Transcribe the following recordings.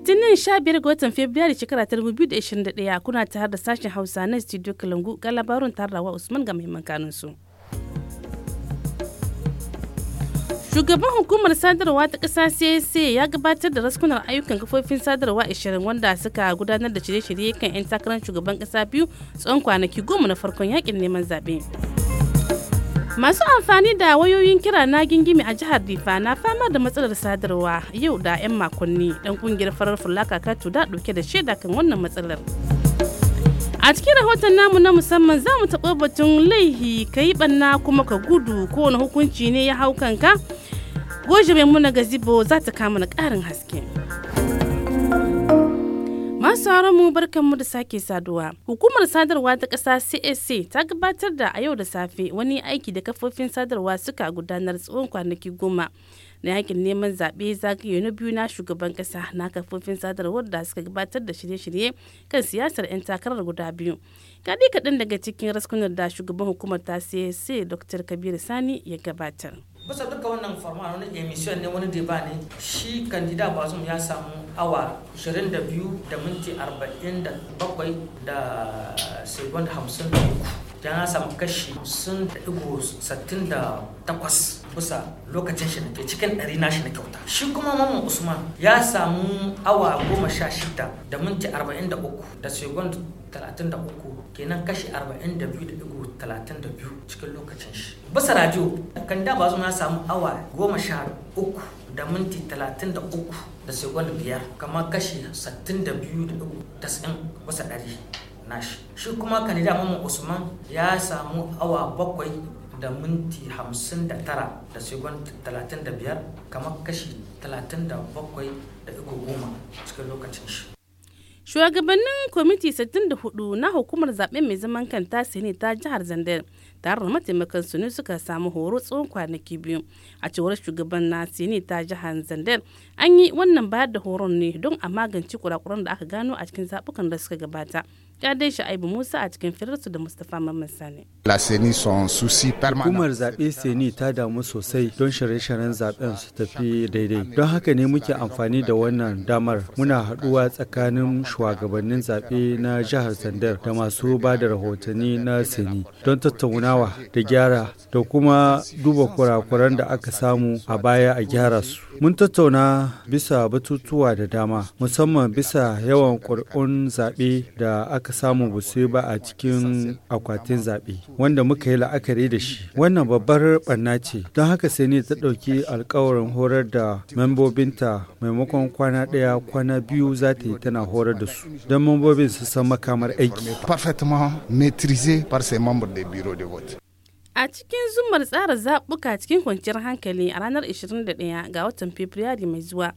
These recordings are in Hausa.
litinin 15 ga watan fabrairu shekara 2021 kuna tare da sashen hausa na studio kalangu ga labarin tarawa usman ga muhimman su. shugaban hukumar sadarwa ta ƙasa CAC ya gabatar da raskunar ayyukan kafofin sadarwa 20 wanda suka gudanar da shirye-shirye kan 'yan takarar shugaban ƙasa biyu tsawon kwanaki goma na farkon yakin neman zaɓe. Masu amfani da wayoyin kira na gingimi a jihar difa na fama da matsalar sadarwa yau da 'yan makonni dan kungiyar farar fulaka katu da dauke da shaida kan wannan matsalar. A cikin rahoton namu na musamman za mu taɓa batun laihi ka yi ɓanna kuma ka gudu kowane hukunci ne ya hau kanka. Goje mai muna gazibo za ta kama na ƙarin haske. masu mu mu da sake saduwa hukumar sadarwa ta ƙasa csc ta gabatar da a yau da safe wani aiki da kafofin sadarwa suka gudanar tsohon kwanaki goma na yakin neman zaɓe zagaye na biyu na shugaban ƙasa na kafofin sadarwar da suka gabatar da shirye-shirye kan siyasar 'yan takarar guda biyu kaɗi kaɗan daga cikin raskunar da shugaban hukumar ta csc dr kabiru sani ya gabatar kusa duka wannan farma wani emission ne wani deba ne shi kandida bazum ya samu awa 22 da minti 47 da sekund 53 ya samu kashi 50.68 Kusa lokacin shi nake cikin ɗari na shi na kyauta shi kuma mamman usman ya samu awa goma sha shida da minti arba'in da uku da segon talatin da uku kenan kashi arba'in da biyu da ɗigo talatin da biyu cikin lokacin shi bisa rajo kan da bazuma ya samu awa goma sha uku da minti talatin da uku da segon biyar kamar kashi sittin da biyu da ɗigo tasa'in bisa ɗari nashi shi kuma da mamman usman ya samu awa bakwai da minti 59 da segon 35 kamar kashi 37 da iko goma cikin lokacin shi. Shugabannin kwamiti 64 na hukumar zaɓe mai zaman kanta ne ta jihar Zandar tare da mataimakan su ne suka samu horo tsohon kwanaki biyu a cewar shugaban na ne ta jihar Zandar an yi wannan bayar da horon ne don a magance kurakuran da aka gano a cikin zaɓukan da suka gabata ya dai musa a cikin firarsu da mustapha mamman sani hukumar zaɓe seni ta damu sosai don shirye-shiryen zaɓen su tafi daidai don haka ne muke amfani da wannan damar muna haɗuwa tsakanin shugabannin zaɓe na jihar sandar da masu ba da rahotanni na seni don tattaunawa da gyara da kuma duba kurakuran da aka samu a baya a gyara su mun tattauna bisa batutuwa da dama musamman bisa yawan ƙuri'un zaɓe da aka aka samu ba sai ba a cikin akwatin zaɓe wanda muka yi la'akari da shi wannan babbar barna ce don haka sai ne ta ɗauki alkawarin horar da membobinta maimakon kwana ɗaya kwana biyu za ta yi tana horar da su don membobin su san makamar aiki A cikin zumar tsara zaɓuka cikin kwanciyar hankali a ranar 21 ga watan Fabrairu mai zuwa,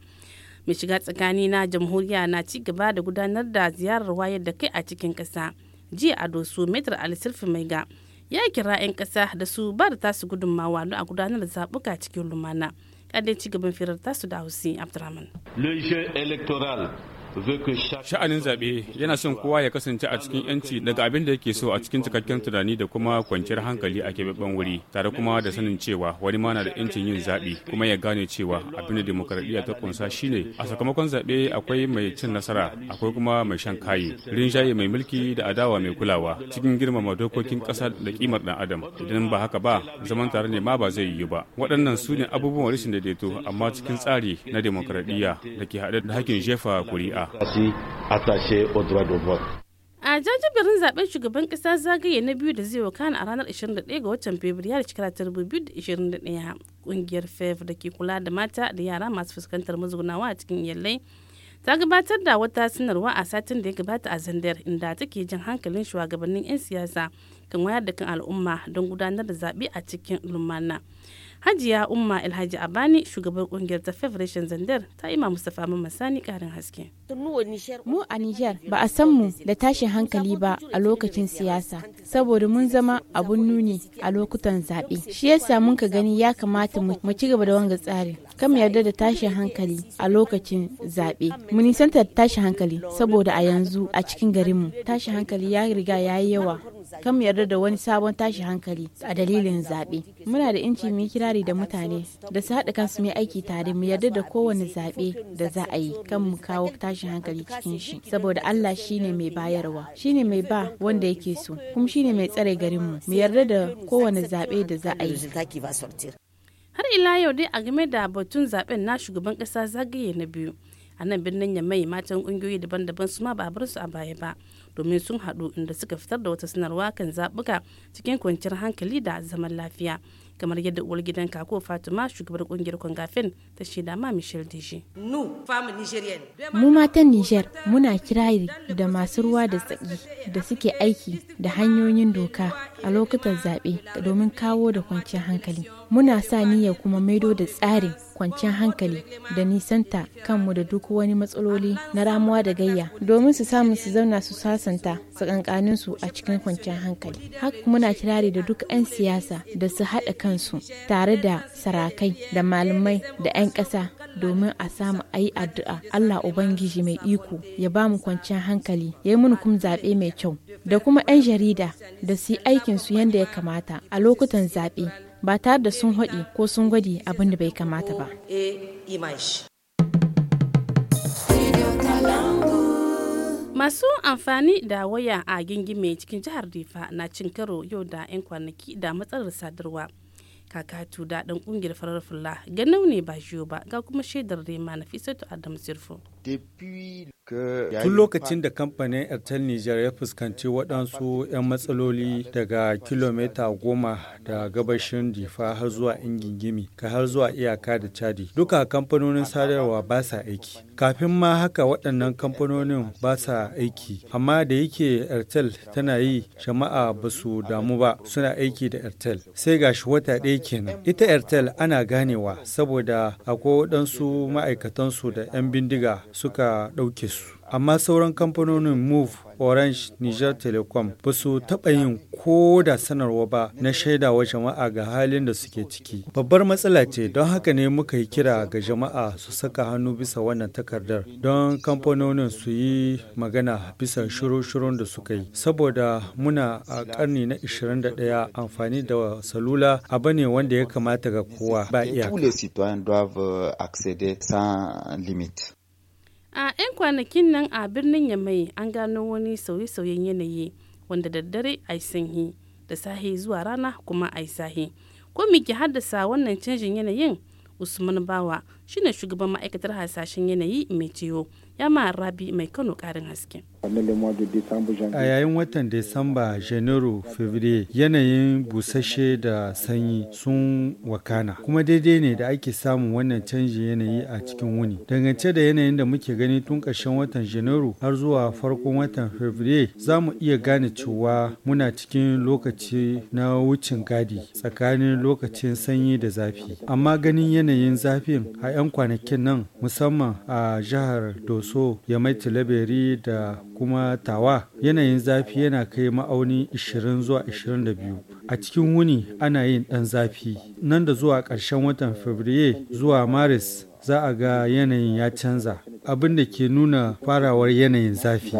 mai shiga tsakani na jamhuriya na ci gaba da gudanar da ziyarar wayar da kai a cikin ƙasa jiya a dosu metar alisirfi mai ga ya kira 'yan ƙasa da su ba da tasu gudunmawa don a gudanar da zabuka cikin lumana kadai ci gaban firar tasu da hausi abdurrahman. Le jeu Sha'anin zaɓe yana son kowa ya kasance a cikin yanci daga abin da yake so a cikin cikakken tunani da kuma kwanciyar hankali a keɓaɓɓen wuri tare kuma da sanin cewa wani ma na da yancin yin zaɓe kuma ya gane cewa abin da demokaradiyya ta kunsa shine a sakamakon zaɓe akwai mai cin nasara akwai kuma mai shan kayi rinjaye mai mulki da adawa mai kulawa cikin girmama dokokin ƙasa da ƙimar ɗan adam idan ba haka ba zaman tare ne ma ba zai yiwu ba waɗannan su ne abubuwan rashin daidaito amma cikin tsari na demokaradiyya da ke haɗe da hakkin jefa kuri'a a jajibirin zaben shugaban kasa zagaye na biyu da zai wakana a ranar 21 ga watan fabrairu shekara 2021 kungiyar fef da ke kula da mata da yara masu fuskantar mazgunawa a cikin iyalai ta gabatar da wata sanarwa a satin da ya gabata a zandar inda take jan hankalin shugabannin 'yan siyasa kan wayar da kan al'umma don gudanar da zaɓe a cikin lumana. Hajiya Umma Alhaji Abani shugaban kungiyar ta Federation Zandar ta ima Mustapha Mamman Sani karin haske. Mu a Nijar ba a san mu da tashin hankali ba a lokacin siyasa saboda mun zama abun nuni a lokutan zaɓe. Shi yasa mun ka gani ya kamata mu ci gaba da wanga tsari Kam yarda da tashin hankali a lokacin zaɓe. Mu nisanta tashin hankali saboda a yanzu a cikin garinmu tashin hankali ya riga ya yi yawa kan mu yarda da wani sabon tashi hankali a dalilin zaɓe muna da inci mu kirari da mutane da su haɗa kansu mai aiki tare mu yarda da kowane zaɓe da za a yi kan mu kawo tashi hankali cikin shi saboda Allah shine mai bayarwa shine mai ba wanda yake so kuma shine mai tsare garin mu mu yarda da kowane zaɓe da za a yi har ila yau dai a game da batun zaben na shugaban ƙasa zagaye na biyu a nan birnin yamai matan kungiyoyi daban-daban su ma ba bar su a baya ba domin sun haɗu inda suka fitar da wata sanarwa kan zaɓuka cikin kwanciyar hankali da zaman lafiya kamar yadda uwar gidan kako fatima shugabar kungiyar kongafin ta shaida ma michel deji mu matan niger muna kirari da masu ruwa da tsaki da suke aiki da hanyoyin doka a lokutan zaɓe domin kawo da kwanciyar hankali muna sa niyyar kuma maido da tsarin kwanciyar hankali da nisanta kanmu da duk wani matsaloli na ramuwa da gayya domin su samu su zauna su sasanta tsakankanin su a cikin kwanciyar hankali haka muna kirari da duk 'yan siyasa da su haɗa kansu tare da sarakai da malamai da 'yan ƙasa domin a samu a yi addu'a Allah Ubangiji mai iko ya ba mu kwanciyar hankali ya yi mun kuma zaɓe mai kyau da kuma 'yan jarida da su yi aikinsu yadda ya kamata a lokutan zaɓe ba tare da sun haɗi ko sun gwadi abin da bai kamata ba. Masu amfani da waya a gingime cikin jihar Rifa na cin karo yau da 'yan kwanaki da matsalar sadarwa. Kakatu da ɗan ƙungiyar farar fulla ganau ne ba shiyo ba ga kuma shaidar rema na Fisatu Adam sirfo Tun lokacin da kamfanin Airtel Niger ya fuskanci waɗansu 'yan matsaloli daga kilomita goma da gabashin Difa har zuwa Ingingimi, ka har zuwa iyaka da Chadi. Duka kamfanonin sadarwa ba sa aiki. Kafin ma haka waɗannan kamfanonin ba sa aiki. Amma da yake Airtel tana yi, jama'a ba su damu ba suna aiki da Airtel. Sai ga shi wata ɗaya kenan. Ita Airtel ana ganewa saboda akwai waɗansu ma'aikatansu da 'yan bindiga suka ɗauke su. Amma sauran kamfanonin Move, Orange, Niger Telecom ba su taɓa yin ko da sanarwa ba na shaida wa jama'a ga halin da suke ciki. Babbar matsala ce don haka ne muka yi kira ga jama'a su saka hannu bisa wannan takardar don kamfanonin su yi magana bisa shiru-shirun da suka yi. Saboda muna a ƙarni na 21 amfani da salula a ne wanda ya kamata ga kowa ba iyaka. a 'yan kwanakin nan a birnin yamai an gano wani sauye-sauyen yanayi wanda daddare ai sanyi da sahi zuwa rana kuma ai sahi ko me ke haddasa wannan canjin yanayin usman bawa shine shugaban ma'aikatar hasashen yanayi meteo ya ma rabi mai kano karin haske a yayin watan disamba Janairu, Fabrairu yanayin busashe da sanyi sun wakana kuma daidai ne da ake samun wannan canjin yanayi a cikin wuni. Dangance da yanayin da muke gani tun ƙarshen watan Janairu har zuwa farkon watan Fabrairu za mu iya gane cewa muna cikin lokaci na wucin gadi tsakanin lokacin sanyi da zafi. Amma ganin yanayin zafin a 'yan kwanakin nan musamman a jihar Doso, ya mai Tilaberi da kuma Tawa yanayin zafi yana kai ma'auni 20 zuwa 22. A cikin wuni ana yin dan zafi. Nan da zuwa karshen watan Fabriye zuwa Maris za a ga yanayin ya canza. abin da ke nuna farawar yanayin zafi.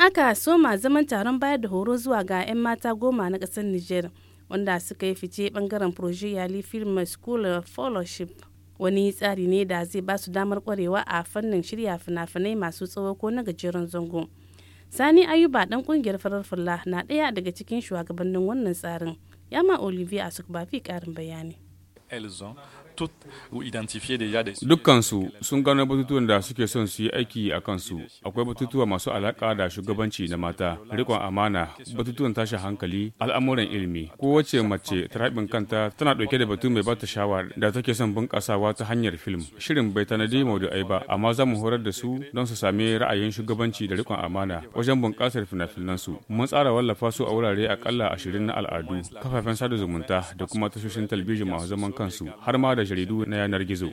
aka soma zaman taron bayar da horo zuwa ga 'yan mata goma na ƙasar Nijar wanda suka yi fice bangaren Proje Yali Film School Fellowship. Wani tsari ne da zai ba su damar kwarewa a fannin shirya fina-finai masu tsawo ko na gajeren zango. Sani Ayuba dan kungiyar farar fulla na ɗaya daga cikin shugabannin wannan tsarin. Yama Olivia fi ƙarin bayani. Dukkansu sun gano batutuwan da suke son su yi aiki a kansu. Akwai batutuwa masu alaƙa da shugabanci na mata, rikon amana, batutuwan tashin hankali, al'amuran ilimi. Kowace mace ta raɓin kanta tana ɗauke da batu mai bata shawar da take son bunƙasawa ta hanyar film. Shirin bai tanadi maudu'ai ba, amma za mu horar da su don su sami ra'ayin shugabanci da rikon amana wajen bunƙasar fina-finansu. Mun tsara wallafa su a wurare aƙalla ashirin na al'adu, kafafen sada zumunta da kuma tashoshin talbijin masu zaman kansu, har ma da jaridu na yanar gizo.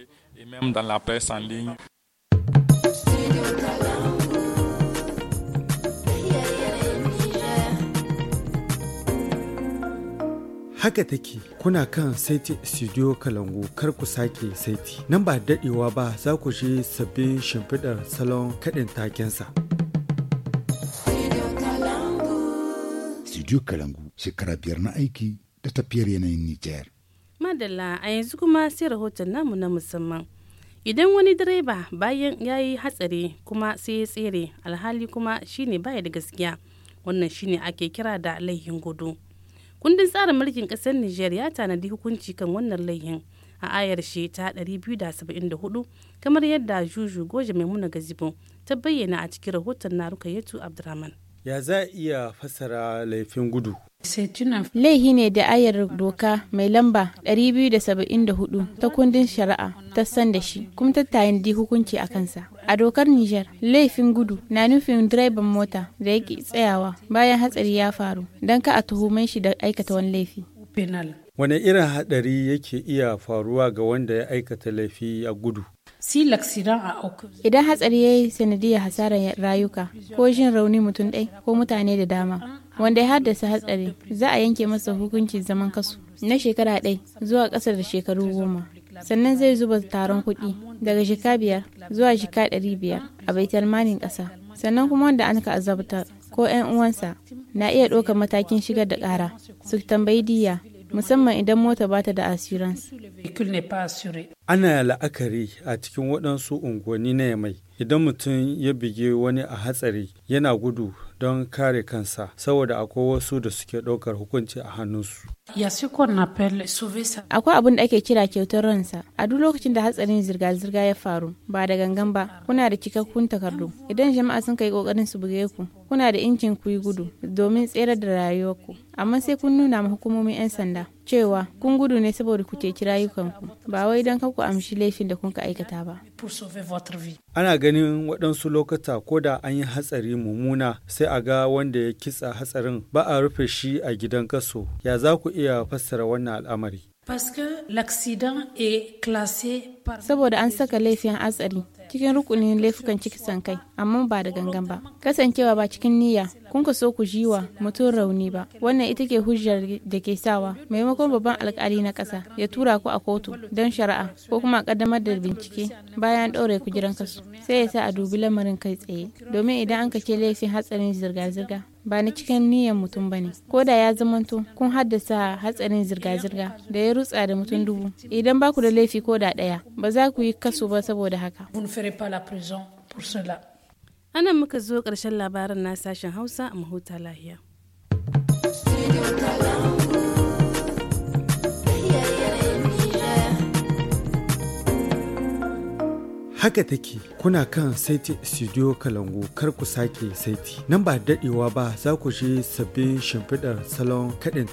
haka take kuna kan saiti studio kalangu kar ku sake saiti nan ba dadewa ba za ku ji sabbin shimfiɗar salon kaɗin takensa studio kalangu shekara biyar na aiki da tafiyar yanayin nijar Madalla a yanzu kuma sai rahoton namu na musamman. Idan wani direba bayan ya yi hatsari kuma sai ya tsere alhali kuma shine baya da gaskiya wannan shine ake kira da laihin gudu. Kundin tsarin mulkin kasar niger ya tanadi hukunci kan wannan laihin a ayar shi ta 274 kamar yadda Juju Goje muna Gazibo ta bayyana a cikin rahoton Naruka Yetu Abdurrahman. Ya za iya fassara laifin gudu? Laihi ne da ayar doka mai lamba 274 ta kundin shari'a ta san da shi, kuma ta di hukunci a kansa. A dokar Nijar, laifin gudu na nufin direban mota da ya tsayawa bayan hatsari ya faru don ka a tuhumai shi da aikata wani laifi. Wane irin hadari yake iya faruwa ga wanda ya aikata laifi a gudu? Idan hatsari ya yi sanadiyar hasarar rayuka ko jin rauni mutum ɗai ko mutane da dama, wanda ya haddasa hatsari za a yanke masa hukuncin zaman kasu na shekara ɗai zuwa ƙasar da shekaru goma. Sannan zai zuba taron kuɗi daga shika biyar zuwa shika ɗari biyar a baitar malin ƙasa. Sannan kuma wanda an ka azabta ko ƴan uwansa na iya ɗaukar matakin shigar da ƙara su tambayi diya musamman idan mota bata da assurance. ana la'akari a cikin waɗansu unguwanni na yamai idan mutum ya bige wani a hatsari yana gudu don kare kansa saboda akwai wasu da suke ɗaukar hukunci a hannunsu. Akwai abin da ake kira kyautar ransa a duk lokacin da hatsarin zirga-zirga ya faru ba da gangan ba kuna da cikakkun takardu idan jama'a sun kai kokarin su buge ku kuna da injin ku yi gudu domin tsere da rayuwarku amma sai kun nuna ma hukumomin 'yan sanda cewa kun gudu ne saboda ku ceci rayukanku ba wai don ku amshi laifin da kun ka aikata ba ana ganin waɗansu lokuta ko da an yi hatsari mummuna sai a ga wanda ya kitsa hatsarin ba a rufe shi a gidan kaso ya za ku iya fassara wannan al'amari Saboda an saka laifin hatsari cikin rukunin laifukan ciki san kai amma ba da gangan ba kasancewa ba cikin niyya kun ka so ku ji wa mutum rauni ba wannan ita ke hujjar da ke sawa maimakon babban alkali na ƙasa ya tura ku a kotu don shari'a ko kuma kaddamar da bincike bayan ɗaure ku jiran kasu sai ya sa a dubi lamarin kai tsaye domin idan an ka laifin hatsarin zirga-zirga ba na cikin niyyar mutum ba ne ko da ya zamanto kun haddasa hatsarin zirga-zirga da ya rutsa da mutum dubu idan ba ku da laifi ko da ɗaya ba za ku yi kaso ba saboda haka anan muka zo ƙarshen labarin na sashen hausa a mahuta lahiya haka take kuna kan saiti studio kalangu kar ku sake saiti nan ba dadewa ba za ku je sabbin shimfidar salon kaɗin